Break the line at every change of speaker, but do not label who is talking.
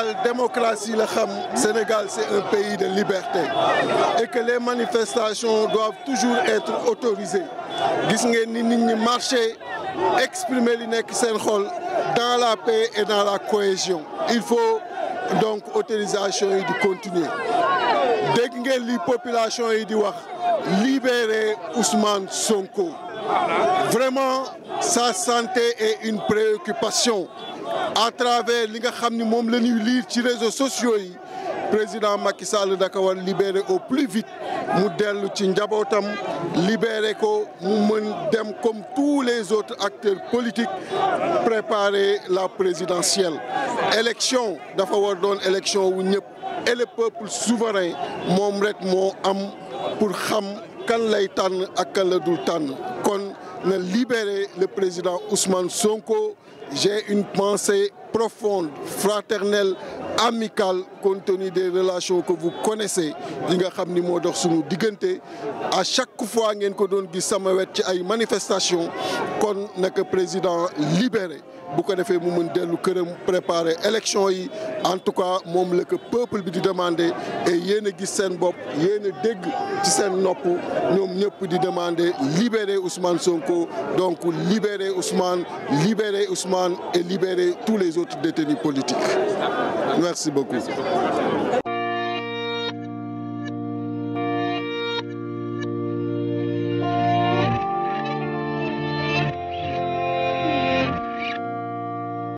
Sénégal démocratie la xam Sénégal c'est un pays de liberté et que les manifestations doivent toujours être autorisées gis ngeen ni nit ñi marcher exprimer li nekk seen xol dans la paix et dans la cohésion il faut donc autorisation yi di continuer dégg ngeen li population yi di wax libérer Ousmane Sonko vraiment sa santé est une préoccupation à travers li nga xam ni moom la ñuy lire ci réseaux sociaux yi président Macky Sall da ko war libérer au plus vite mu dellu ci njabootam libérer ko mu mën dem comme tous les autres acteurs politiques préparer la présidentielle élection dafa war doon élection wu ñëpp et le peuple souverain moom rek moo am pour xam kan lay tànn ak kan la dul tànn de libérer le président Ousmane Sonko. J'ai une pensée profonde, fraternelle, amicale, compte tenu des relations que vous connaissez yi nga xam ni moo dox suñu diggante à chaque fois ngeen ko doon gis sama wet ci ay manifestations kon naka président libéré bu ko defee mu mën dellu këram préparer élection yi en tout cas moom la que peuple bi di demandé et yéen a gis seen bopp yéen a dégg ci seen nopp ñoom ñëpp di demander libérer Ousmane Sonko donc libérer Ousmane libérer Ousmane et libérer tous les autres. autres détenus politiques. Merci beaucoup. Merci beaucoup.